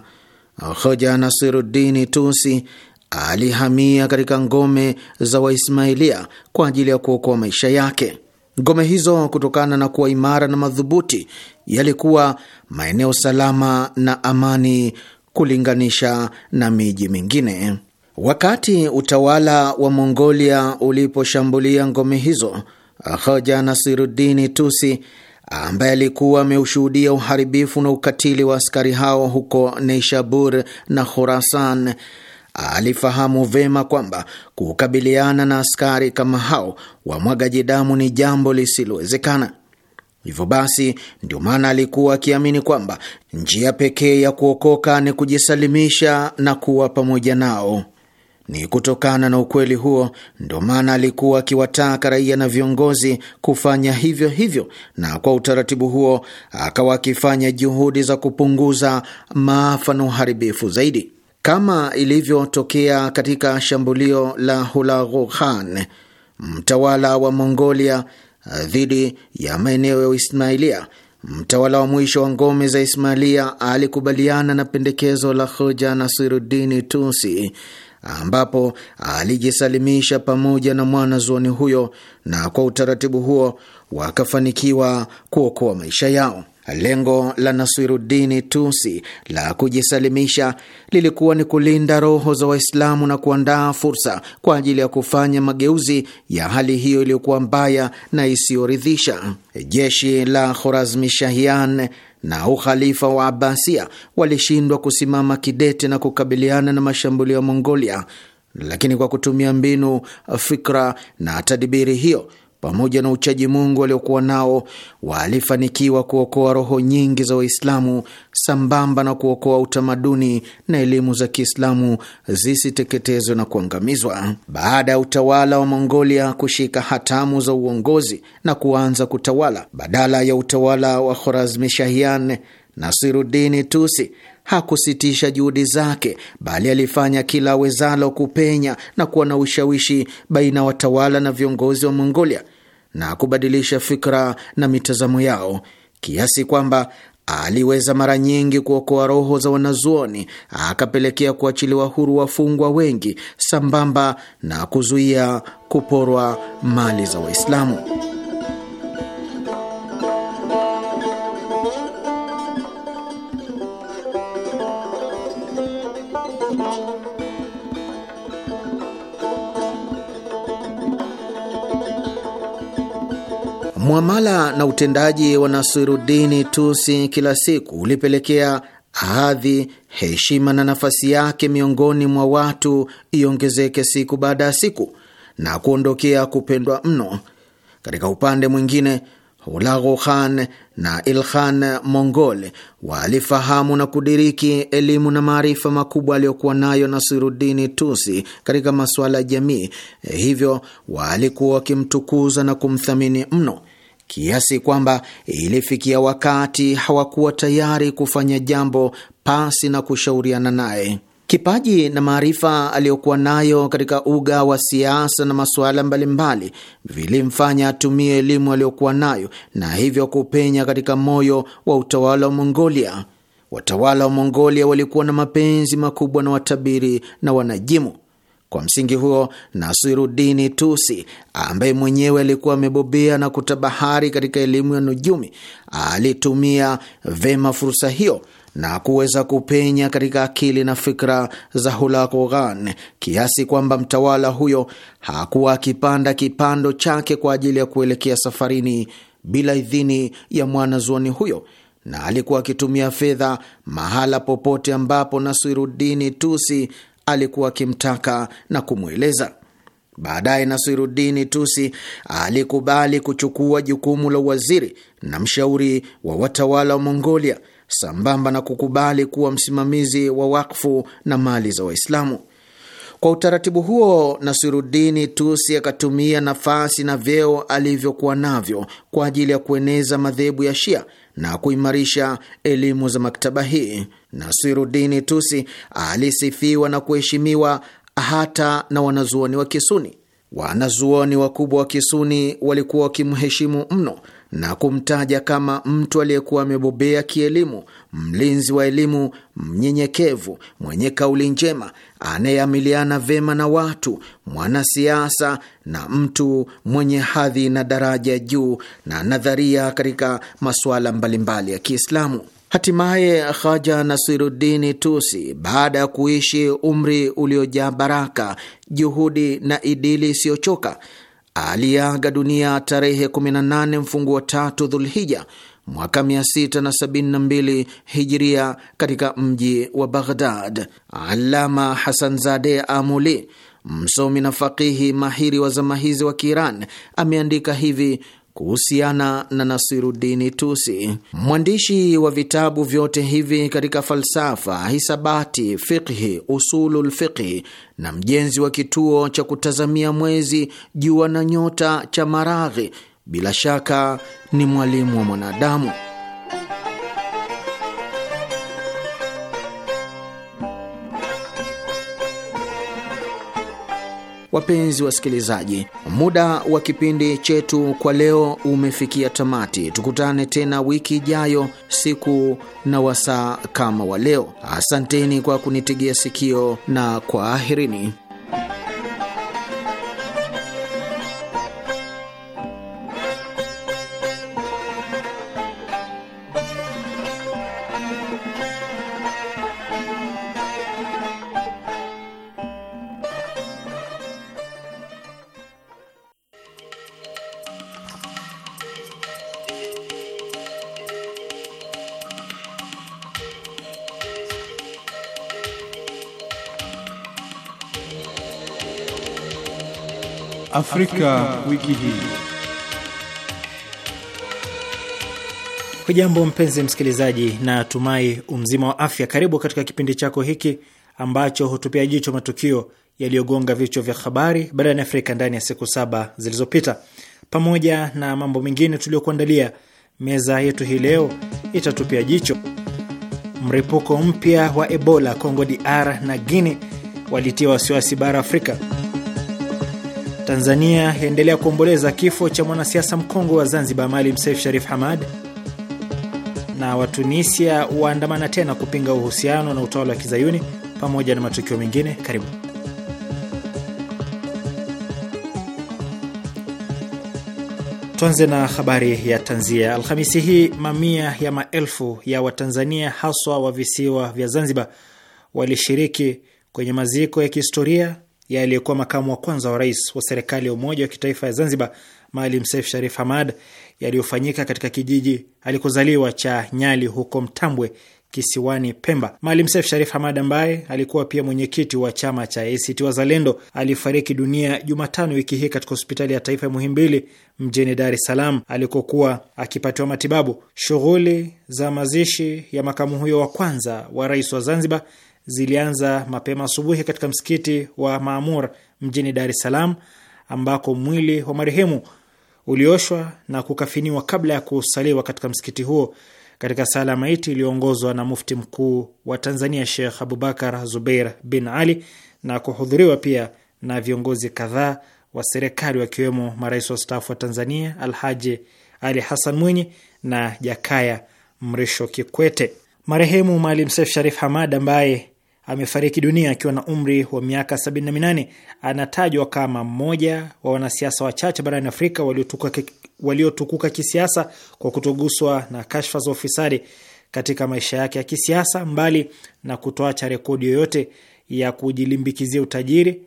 hoja Nasirudini Tusi alihamia katika ngome za Waismailia kwa ajili ya kuokoa maisha yake. Ngome hizo, kutokana na kuwa imara na madhubuti, yalikuwa maeneo salama na amani kulinganisha na miji mingine. Wakati utawala wa Mongolia uliposhambulia ngome hizo, Hoja Nasiruddini Tusi ambaye alikuwa ameushuhudia uharibifu na ukatili wa askari hao huko Neishabur na khurasan alifahamu vema kwamba kukabiliana na askari kama hao wamwagaji damu ni jambo lisilowezekana. Hivyo basi, ndio maana alikuwa akiamini kwamba njia pekee ya kuokoka ni kujisalimisha na kuwa pamoja nao. Ni kutokana na ukweli huo ndio maana alikuwa akiwataka raia na viongozi kufanya hivyo hivyo, na kwa utaratibu huo akawa akifanya juhudi za kupunguza maafa na uharibifu zaidi, kama ilivyotokea katika shambulio la Hulagu Khan, mtawala wa Mongolia, eh, dhidi ya maeneo ya Ismailia. Mtawala wa mwisho wa ngome za Ismailia alikubaliana na pendekezo la hoja Nasiruddini Tusi ambapo alijisalimisha pamoja na mwanazuoni huyo, na kwa utaratibu huo wakafanikiwa kuokoa maisha yao. Lengo la Nasirudini Tusi la kujisalimisha lilikuwa ni kulinda roho za Waislamu na kuandaa fursa kwa ajili ya kufanya mageuzi ya hali hiyo iliyokuwa mbaya na isiyoridhisha. Jeshi la Khorazmi Shahian na ukhalifa wa Abasia walishindwa kusimama kidete na kukabiliana na mashambulio ya Mongolia, lakini kwa kutumia mbinu, fikra na tadibiri hiyo pamoja na uchaji Mungu waliokuwa nao walifanikiwa kuokoa roho nyingi za Waislamu sambamba na kuokoa utamaduni na elimu za Kiislamu zisiteketezwe na kuangamizwa. Baada ya utawala wa Mongolia kushika hatamu za uongozi na kuanza kutawala badala ya utawala wa Khorazmishahian, Nasirudini Tusi hakusitisha juhudi zake bali alifanya kila awezalo kupenya na kuwa na ushawishi baina ya watawala na viongozi wa Mongolia na kubadilisha fikra na mitazamo yao kiasi kwamba aliweza mara nyingi kuokoa roho za wanazuoni, akapelekea kuachiliwa huru wafungwa wengi, sambamba na kuzuia kuporwa mali za Waislamu. Mwamala na utendaji wa Nasirudini Tusi kila siku ulipelekea hadhi, heshima na nafasi yake miongoni mwa watu iongezeke siku baada ya siku na kuondokea kupendwa mno. Katika upande mwingine, Hulagu Khan na ilhan Mongol walifahamu na kudiriki elimu na maarifa makubwa aliyokuwa nayo Nasirudini Tusi katika masuala ya jamii, hivyo walikuwa wakimtukuza na kumthamini mno kiasi kwamba ilifikia wakati hawakuwa tayari kufanya jambo pasi na kushauriana naye. Kipaji na maarifa aliyokuwa nayo katika uga wa siasa na masuala mbalimbali vilimfanya atumie elimu aliyokuwa nayo na hivyo kupenya katika moyo wa utawala wa Mongolia. Watawala wa Mongolia walikuwa na mapenzi makubwa na watabiri na wanajimu. Kwa msingi huo, Nasirudini Tusi ambaye mwenyewe alikuwa amebobea na kutabahari katika elimu ya nujumi alitumia vema fursa hiyo na kuweza kupenya katika akili na fikra za Hulagu Khan kiasi kwamba mtawala huyo hakuwa akipanda kipando chake kwa ajili ya kuelekea safarini bila idhini ya mwanazuoni huyo, na alikuwa akitumia fedha mahala popote ambapo Nasirudini Tusi alikuwa akimtaka na kumweleza. Baadaye Nasirudini Tusi alikubali kuchukua jukumu la uwaziri na mshauri wa watawala wa Mongolia, sambamba na kukubali kuwa msimamizi wa wakfu na mali za Waislamu. Kwa utaratibu huo, Nasirudini Tusi akatumia nafasi na vyeo alivyokuwa navyo kwa ajili ya kueneza madhehebu ya Shia na kuimarisha elimu za maktaba hii. Nasirudini Tusi alisifiwa na kuheshimiwa hata na wanazuoni wa Kisuni. Wanazuoni wakubwa wa Kisuni walikuwa wakimheshimu mno na kumtaja kama mtu aliyekuwa amebobea kielimu, mlinzi wa elimu, mnyenyekevu, mwenye kauli njema, anayeamiliana vema na watu, mwanasiasa na mtu mwenye hadhi na daraja juu na nadharia katika masuala mbalimbali ya Kiislamu. Hatimaye khaja nasirudini Tusi, baada ya kuishi umri uliojaa baraka, juhudi na idili isiyochoka, aliaga dunia tarehe 18 wa tatu Dhulhija mwaka 672 Hijiria katika mji wa Baghdad. Alama hasan zade Amuli, msomi na fakihi mahiri wa zama hizi wa Kiiran, ameandika hivi kuhusiana na Nasirudini Tusi, mwandishi wa vitabu vyote hivi katika falsafa, hisabati, fiqhi, usulul fiqhi na mjenzi wa kituo cha kutazamia mwezi, jua na nyota cha Maraghi, bila shaka ni mwalimu wa mwanadamu. Wapenzi wasikilizaji, muda wa kipindi chetu kwa leo umefikia tamati. Tukutane tena wiki ijayo, siku na wasaa kama wa leo. Asanteni kwa kunitegea sikio na kwaherini. Afrika wiki hii. Hujambo mpenzi msikilizaji, na tumai umzima wa afya. Karibu katika kipindi chako hiki ambacho hutupia jicho matukio yaliyogonga vichwa vya habari barani Afrika ndani ya siku saba zilizopita. Pamoja na mambo mengine tuliyokuandalia, meza yetu hii leo itatupia jicho mripuko mpya wa Ebola Kongo DR na Guinea walitia wasiwasi bara Afrika. Tanzania yaendelea kuomboleza kifo cha mwanasiasa mkongwe wa Zanzibar Maalim Seif Sharif Hamad, na Watunisia waandamana tena kupinga uhusiano na utawala wa Kizayuni, pamoja na matukio mengine. Karibu. Tuanze na habari ya tanzia. Alhamisi hii mamia ya maelfu ya Watanzania haswa wa visiwa vya Zanzibar walishiriki kwenye maziko ya kihistoria ya aliyekuwa makamu wa kwanza wa rais wa serikali ya umoja wa kitaifa ya Zanzibar, Maalim Seif Sharif Hamad, yaliyofanyika katika kijiji alikozaliwa cha Nyali huko Mtambwe kisiwani Pemba. Maalim Seif Sharif Hamad ambaye alikuwa pia mwenyekiti wa chama cha ACT Wazalendo alifariki dunia Jumatano wiki hii katika hospitali ya taifa ya Muhimbili mjini Dar es Salaam alikokuwa akipatiwa matibabu. Shughuli za mazishi ya makamu huyo wa kwanza wa rais wa Zanzibar zilianza mapema asubuhi katika msikiti wa Maamur mjini Dar es Salaam, ambako mwili wa marehemu ulioshwa na kukafiniwa kabla ya kusaliwa katika msikiti huo katika sala ya maiti iliyoongozwa na mufti mkuu wa Tanzania Sheikh Abubakar Zubeir bin Ali na kuhudhuriwa pia na viongozi kadhaa wa serikali wakiwemo marais wa staafu wa Tanzania Alhaji Ali Hassan Mwinyi na Jakaya Mrisho Kikwete. Marehemu Maalim Seif Sharif Hamad ambaye amefariki dunia akiwa na umri wa miaka 78. Anatajwa kama mmoja wa wanasiasa wachache barani Afrika waliotukuka waliotukuka kisiasa kwa kutoguswa na kashfa za ufisadi katika maisha yake ya kisiasa, mbali na kutoacha rekodi yoyote ya kujilimbikizia utajiri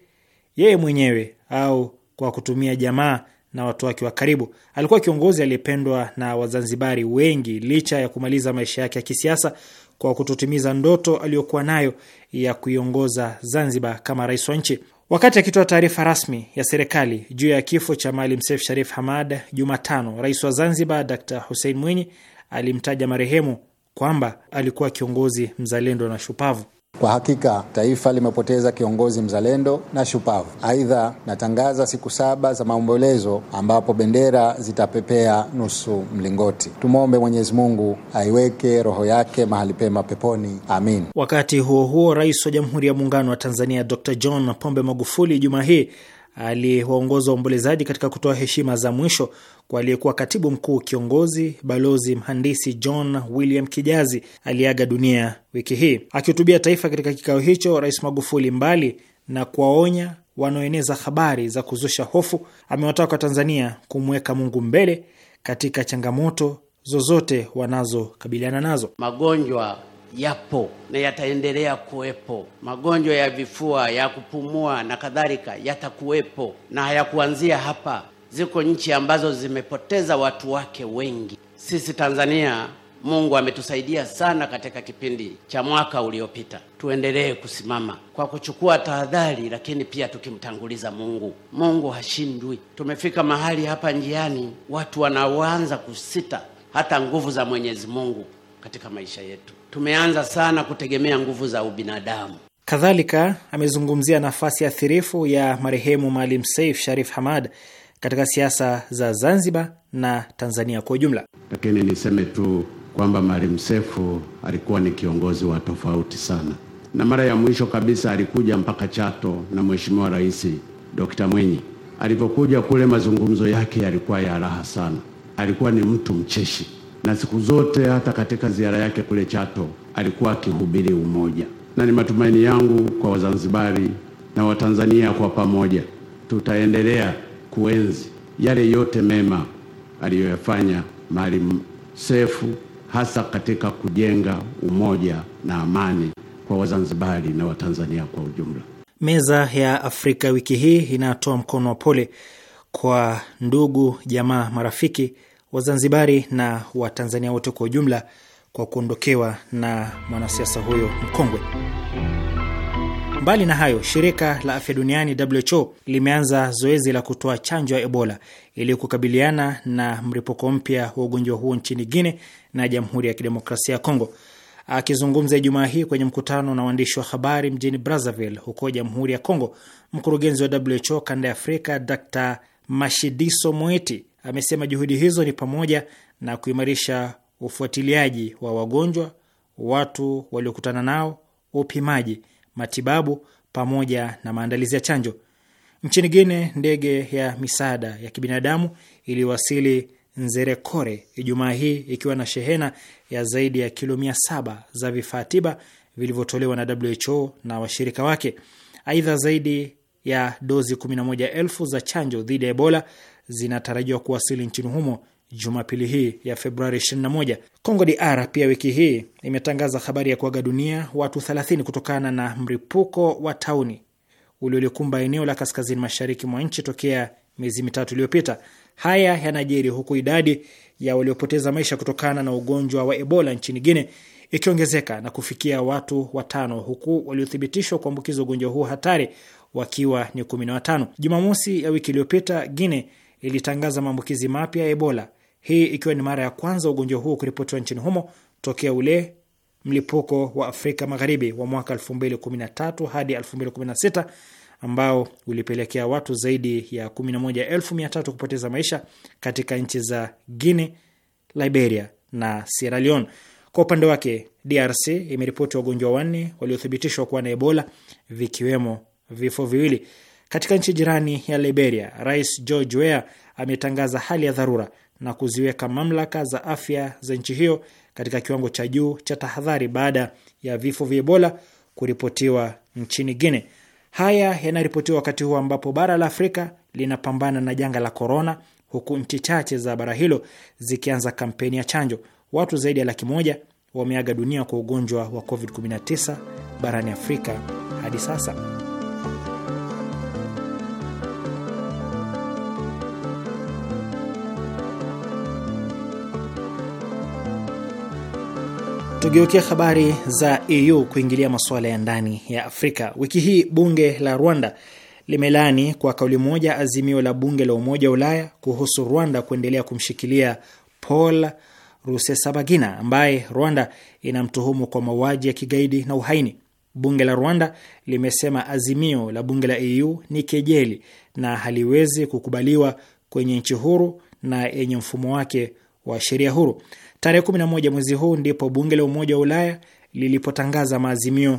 yeye mwenyewe au kwa kutumia jamaa na watu wake wa karibu. Alikuwa kiongozi aliyependwa na Wazanzibari wengi licha ya kumaliza maisha yake ya kisiasa kwa kutotimiza ndoto aliyokuwa nayo ya kuiongoza Zanzibar kama rais wa nchi. Wakati akitoa taarifa rasmi ya serikali juu ya kifo cha Maalim Seif Sharif Hamad Jumatano, rais wa Zanzibar Dr Hussein Mwinyi alimtaja marehemu kwamba alikuwa kiongozi mzalendo na shupavu. Kwa hakika taifa limepoteza kiongozi mzalendo na shupavu. Aidha, natangaza siku saba za maombolezo ambapo bendera zitapepea nusu mlingoti. Tumwombe Mwenyezi Mungu aiweke roho yake mahali pema peponi, amin. Wakati huo huo, Rais wa Jamhuri ya Muungano wa Tanzania Dr John Pombe Magufuli juma hii aliwaongoza waombolezaji katika kutoa heshima za mwisho kwa aliyekuwa katibu mkuu kiongozi balozi mhandisi John William Kijazi aliyeaga dunia wiki hii. Akihutubia taifa katika kikao hicho, Rais Magufuli, mbali na kuwaonya wanaoeneza habari za kuzusha hofu, amewataka tanzania kumweka Mungu mbele katika changamoto zozote wanazokabiliana nazo. Magonjwa yapo na yataendelea kuwepo. Magonjwa ya vifua, ya kupumua na kadhalika yatakuwepo na hayakuanzia hapa. Ziko nchi ambazo zimepoteza watu wake wengi. Sisi Tanzania, Mungu ametusaidia sana katika kipindi cha mwaka uliopita. Tuendelee kusimama kwa kuchukua tahadhari, lakini pia tukimtanguliza Mungu. Mungu hashindwi. Tumefika mahali hapa njiani watu wanaanza kusita hata nguvu za Mwenyezi Mungu katika maisha yetu tumeanza sana kutegemea nguvu za ubinadamu. Kadhalika amezungumzia nafasi athirifu ya marehemu Maalim Seif Sharif Hamad katika siasa za Zanzibar na Tanzania kwa ujumla. Lakini niseme tu kwamba Maalim Seif alikuwa ni kiongozi wa tofauti sana, na mara ya mwisho kabisa alikuja mpaka Chato na Mheshimiwa Rais Dr. Mwinyi. alivyokuja kule, mazungumzo yake yalikuwa ya raha sana, alikuwa ni mtu mcheshi na siku zote hata katika ziara yake kule Chato alikuwa akihubiri umoja, na ni matumaini yangu kwa Wazanzibari na Watanzania kwa pamoja tutaendelea kuenzi yale yote mema aliyoyafanya Maalim Seif, hasa katika kujenga umoja na amani kwa Wazanzibari na Watanzania kwa ujumla. Meza ya Afrika wiki hii inatoa mkono wa pole kwa ndugu, jamaa, marafiki Wazanzibari na Watanzania wote kwa ujumla kwa kuondokewa na mwanasiasa huyo mkongwe. Mbali na hayo, shirika la afya duniani WHO limeanza zoezi la kutoa chanjo ya Ebola ili kukabiliana na mlipuko mpya wa ugonjwa huo nchini guine na Jamhuri ya Kidemokrasia ya Kongo. Akizungumza Ijumaa hii kwenye mkutano na waandishi wa habari mjini Brazzaville huko Jamhuri ya Kongo, mkurugenzi wa WHO kanda ya Afrika Dr Mashidiso Moeti amesema juhudi hizo ni pamoja na kuimarisha ufuatiliaji wa wagonjwa, watu waliokutana nao, upimaji, matibabu pamoja na maandalizi ya chanjo. Nchini Guine, ndege ya misaada ya kibinadamu iliwasili Nzerekore Ijumaa hii ikiwa na shehena ya zaidi ya kilo mia saba za vifaa tiba vilivyotolewa na WHO na washirika wake. Aidha, zaidi ya dozi 11,000 za chanjo dhidi ya Ebola zinatarajiwa kuwasili nchini humo Jumapili hii ya Februari 21. Congo DR pia wiki hii imetangaza habari ya kuaga dunia watu 30 kutokana na mlipuko wa tauni uliolikumba eneo la kaskazini mashariki mwa nchi tokea miezi mitatu iliyopita. Haya yanajiri huku idadi ya waliopoteza maisha kutokana na ugonjwa wa Ebola nchini Guine ikiongezeka na kufikia watu watano, huku waliothibitishwa kuambukiza ugonjwa huu hatari wakiwa ni kumi na watano. Jumamosi ya wiki iliyopita Guine ilitangaza maambukizi mapya ya Ebola, hii ikiwa ni mara ya kwanza ugonjwa huo kuripotiwa nchini humo tokea ule mlipuko wa Afrika Magharibi wa mwaka 2013 hadi 2016 ambao ulipelekea watu zaidi ya 11,300 kupoteza maisha katika nchi za Guinea, Liberia na Sierra Leone. Kwa upande wake, DRC imeripoti wagonjwa wanne waliothibitishwa kuwa na Ebola, vikiwemo vifo viwili. Katika nchi jirani ya Liberia, Rais George Weah ametangaza hali ya dharura na kuziweka mamlaka za afya za nchi hiyo katika kiwango cha juu cha tahadhari baada ya vifo vya Ebola kuripotiwa nchini guine Haya yanaripotiwa wakati huu ambapo bara la Afrika linapambana na janga la korona, huku nchi chache za bara hilo zikianza kampeni ya chanjo. Watu zaidi ya laki moja wameaga dunia kwa ugonjwa wa COVID-19 barani Afrika hadi sasa. Tugeukia habari za EU kuingilia masuala ya ndani ya Afrika. Wiki hii bunge la Rwanda limelaani kwa kauli moja azimio la bunge la Umoja wa Ulaya kuhusu Rwanda kuendelea kumshikilia Paul Rusesabagina ambaye Rwanda inamtuhumu kwa mauaji ya kigaidi na uhaini. Bunge la Rwanda limesema azimio la bunge la EU ni kejeli na haliwezi kukubaliwa kwenye nchi huru na yenye mfumo wake wa sheria huru. Tarehe 11 mwezi huu ndipo bunge la Umoja wa Ulaya lilipotangaza maazimio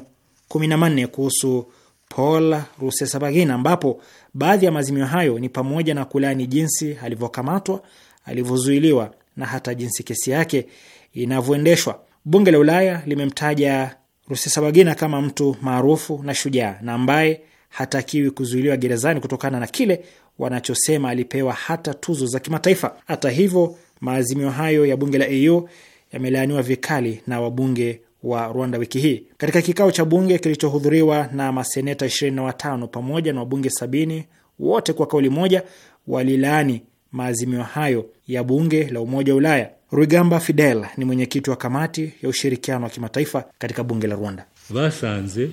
14 kuhusu Paul Rusesabagin, ambapo baadhi ya maazimio hayo ni pamoja na kulaani jinsi alivyokamatwa, alivyozuiliwa na hata jinsi kesi yake inavyoendeshwa. Bunge la Ulaya limemtaja Rusesabagina kama mtu maarufu na shujaa na ambaye hatakiwi kuzuiliwa gerezani kutokana na kile wanachosema alipewa hata tuzo za kimataifa. Hata hivyo, Maazimio hayo ya bunge la AU yamelaaniwa vikali na wabunge wa Rwanda wiki hii. Katika kikao cha bunge kilichohudhuriwa na maseneta 25 pamoja na wabunge sabini, wote kwa kauli moja walilaani maazimio hayo ya bunge la Umoja wa Ulaya. Rwigamba Fidel ni mwenyekiti wa kamati ya ushirikiano wa kimataifa katika bunge la Rwanda. basanze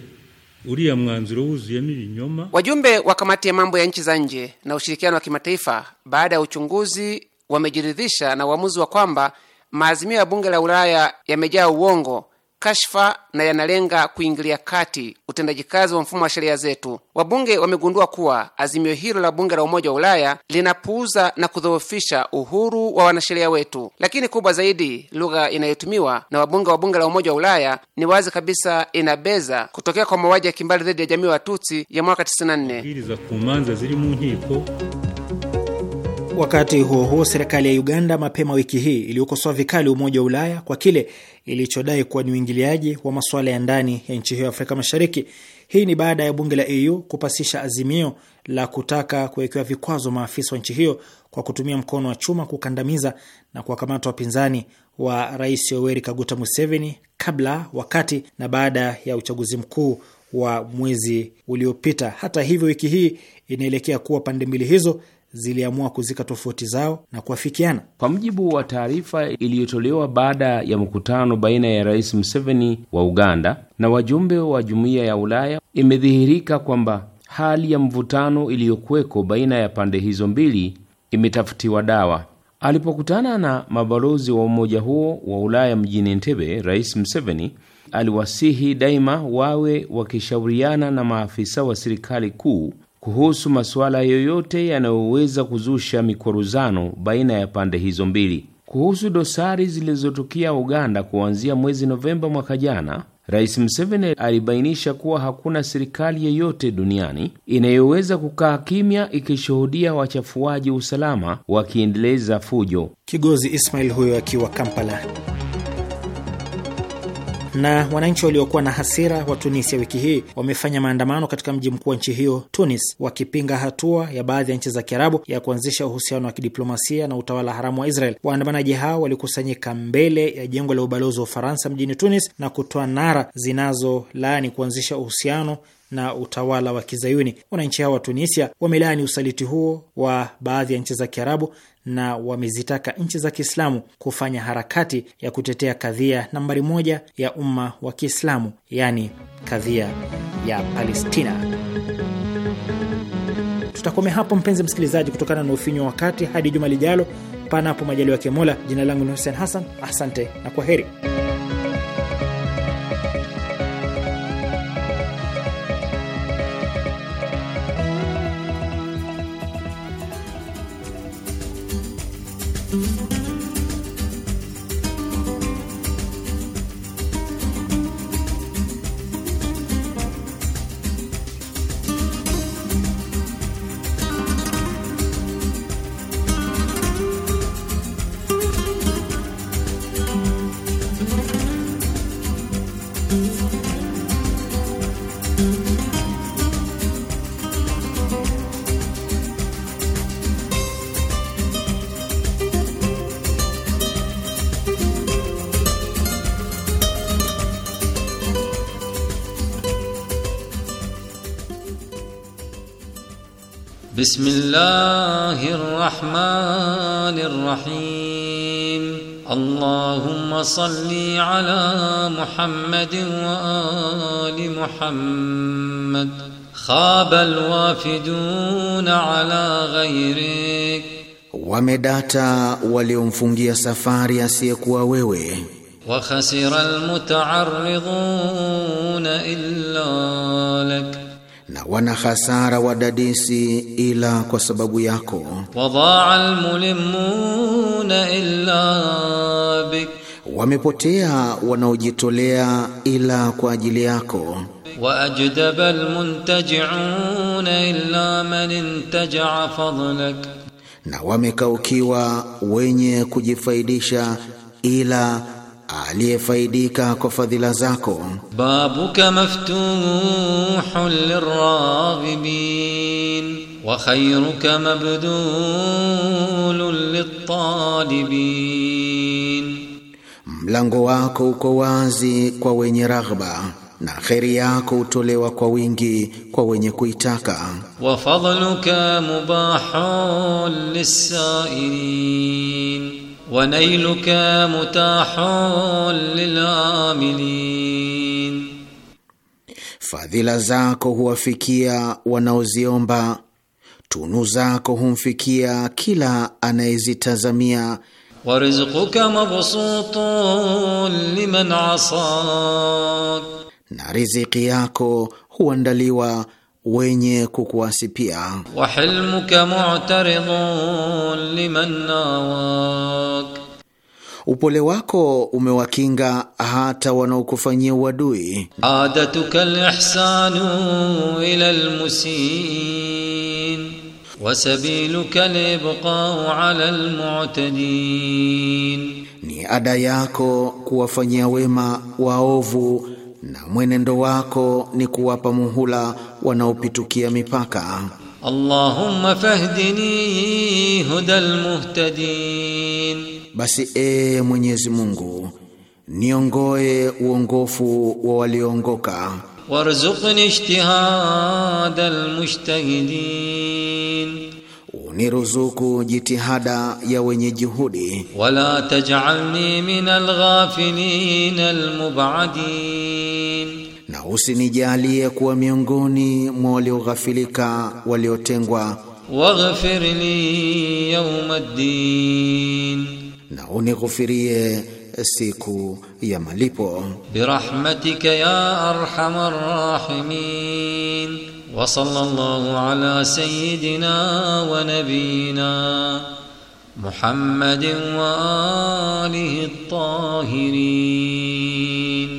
uriya mwanzuro wuzuyemo ibinyoma. Wajumbe wa kamati ya mambo ya nchi za nje na ushirikiano wa kimataifa, baada ya uchunguzi wamejiridhisha na uamuzi wa kwamba maazimio ya bunge la Ulaya yamejaa uongo, kashfa na yanalenga kuingilia kati utendaji kazi wa mfumo wa sheria zetu. Wabunge wamegundua kuwa azimio hilo la bunge la Umoja wa Ulaya linapuuza na kudhoofisha uhuru wa wanasheria wetu. Lakini kubwa zaidi, lugha inayotumiwa na wabunge wa bunge la Umoja wa Ulaya ni wazi kabisa inabeza kutokea kwa mauaji ya kimbali dhidi ya jamii Watutsi ya mwaka 94. Wakati huo huo, serikali ya Uganda mapema wiki hii iliyokosoa vikali Umoja wa Ulaya kwa kile ilichodai kuwa ni uingiliaji wa masuala ya ndani ya nchi hiyo ya Afrika Mashariki. Hii ni baada ya bunge la EU kupasisha azimio la kutaka kuwekewa vikwazo maafisa wa nchi hiyo kwa kutumia mkono wa chuma kukandamiza na kuwakamata wapinzani wa Rais Yoweri Kaguta Museveni kabla, wakati na baada ya uchaguzi mkuu wa mwezi uliopita. Hata hivyo, wiki hii inaelekea kuwa pande mbili hizo ziliamua kuzika tofauti zao na kuafikiana. Kwa mujibu wa taarifa iliyotolewa baada ya mkutano baina ya Rais Museveni wa Uganda na wajumbe wa Jumuiya ya Ulaya, imedhihirika kwamba hali ya mvutano iliyokuweko baina ya pande hizo mbili imetafutiwa dawa. Alipokutana na mabalozi wa umoja huo wa Ulaya mjini Entebbe, Rais Museveni aliwasihi daima wawe wakishauriana na maafisa wa serikali kuu kuhusu masuala yoyote yanayoweza kuzusha mikwaruzano baina ya pande hizo mbili. Kuhusu dosari zilizotukia Uganda kuanzia mwezi Novemba mwaka jana, Rais Museveni alibainisha kuwa hakuna serikali yeyote duniani inayoweza kukaa kimya ikishuhudia wachafuaji usalama wakiendeleza fujo. Kigozi Ismail huyo akiwa Kampala. Na wananchi waliokuwa na hasira wa Tunisia wiki hii wamefanya maandamano katika mji mkuu wa nchi hiyo Tunis, wakipinga hatua ya baadhi ya nchi za Kiarabu ya kuanzisha uhusiano wa kidiplomasia na utawala haramu wa Israel. Waandamanaji hao walikusanyika mbele ya jengo la ubalozi wa Ufaransa mjini Tunis na kutoa nara zinazolaani kuanzisha uhusiano na utawala wa kizayuni. Wananchi hao wa Tunisia wamelaani usaliti huo wa baadhi ya nchi za Kiarabu na wamezitaka nchi za Kiislamu kufanya harakati ya kutetea kadhia nambari moja ya umma wa Kiislamu, yaani kadhia ya Palestina. Tutakomea hapo mpenzi msikilizaji, kutokana na ufinyo wa wakati. Hadi juma lijalo, panapo majali wake Mola. Jina langu ni Hussein Hassan, asante na kwa heri. بسم الله الرحمن الرحيم اللهم صل على محمد وآل محمد خاب الوافدون على غيرك wamedata فنجي safari asiyekuwa wewe وخسر المتعرضون إلا لك na wana hasara wadadisi ila kwa sababu yako. Wadaa illa bik, Wamepotea wanaojitolea ila kwa ajili yako. Wa ajdaba almuntaji'una illa man intaja fadlak, na wamekaukiwa wenye kujifaidisha ila aliyefaidika kwa fadhila zako. babuka maftuhun liraghibin wa khayruka mabdulun litalibin, mlango wako uko wazi kwa wenye raghba na kheri yako hutolewa kwa wingi kwa wenye kuitaka. wa fadhluka mubahun lisailin ونيلك متاح للعاملين fadhila zako huwafikia wanaoziomba, tunu zako humfikia kila anayezitazamia. warizquka mabsutun liman asad, na riziki yako huandaliwa wenye kukuasipia. hilmuka mu'taridun liman nawak, upole wako umewakinga hata wanaokufanyia uadui. adatuka alihsanu ila almusin wa sabiluka libqa ala almu'tadin, ni ada yako kuwafanyia wema waovu na mwenendo wako ni kuwapa muhula wanaopitukia mipaka. Allahumma fahdini hudal muhtadin, basi e Mwenyezi Mungu niongoe uongofu wa walioongoka. Warzuqni ijtihadal mujtahidin uniruzuku jitihada ya wenye juhudi, wala taj'alni min alghafilin almubadin, na usinijalie kuwa miongoni mwa walioghafilika waliotengwa. Waghfir li yawm ad-din, na unighufirie siku ya malipo. Birahmatika ya arhamar rahimin وصلى الله على سيدنا ونبينا محمد واله الطاهرين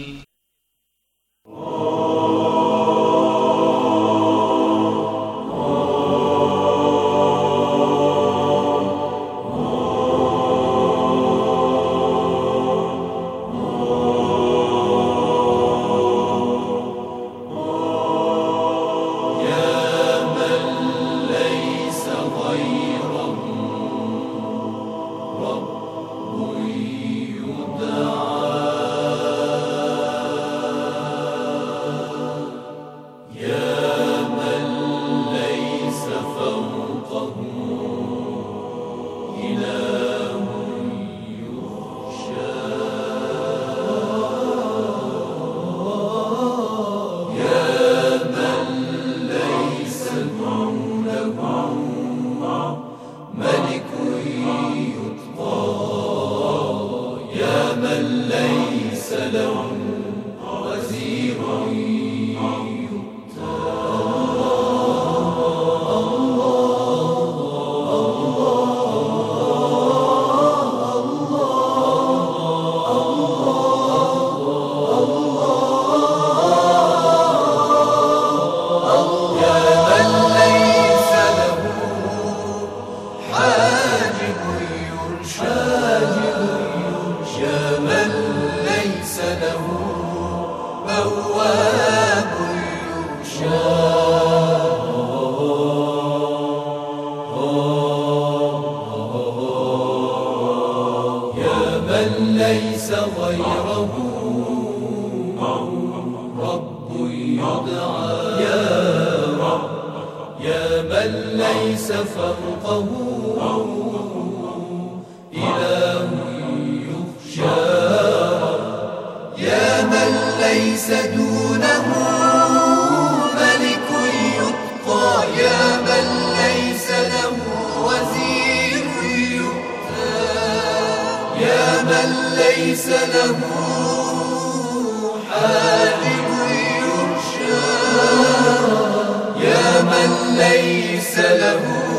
من ليس دونه ملك يبقى يا من ليس له وزير يبقى يا من ليس له حاكم يرشى يا من ليس له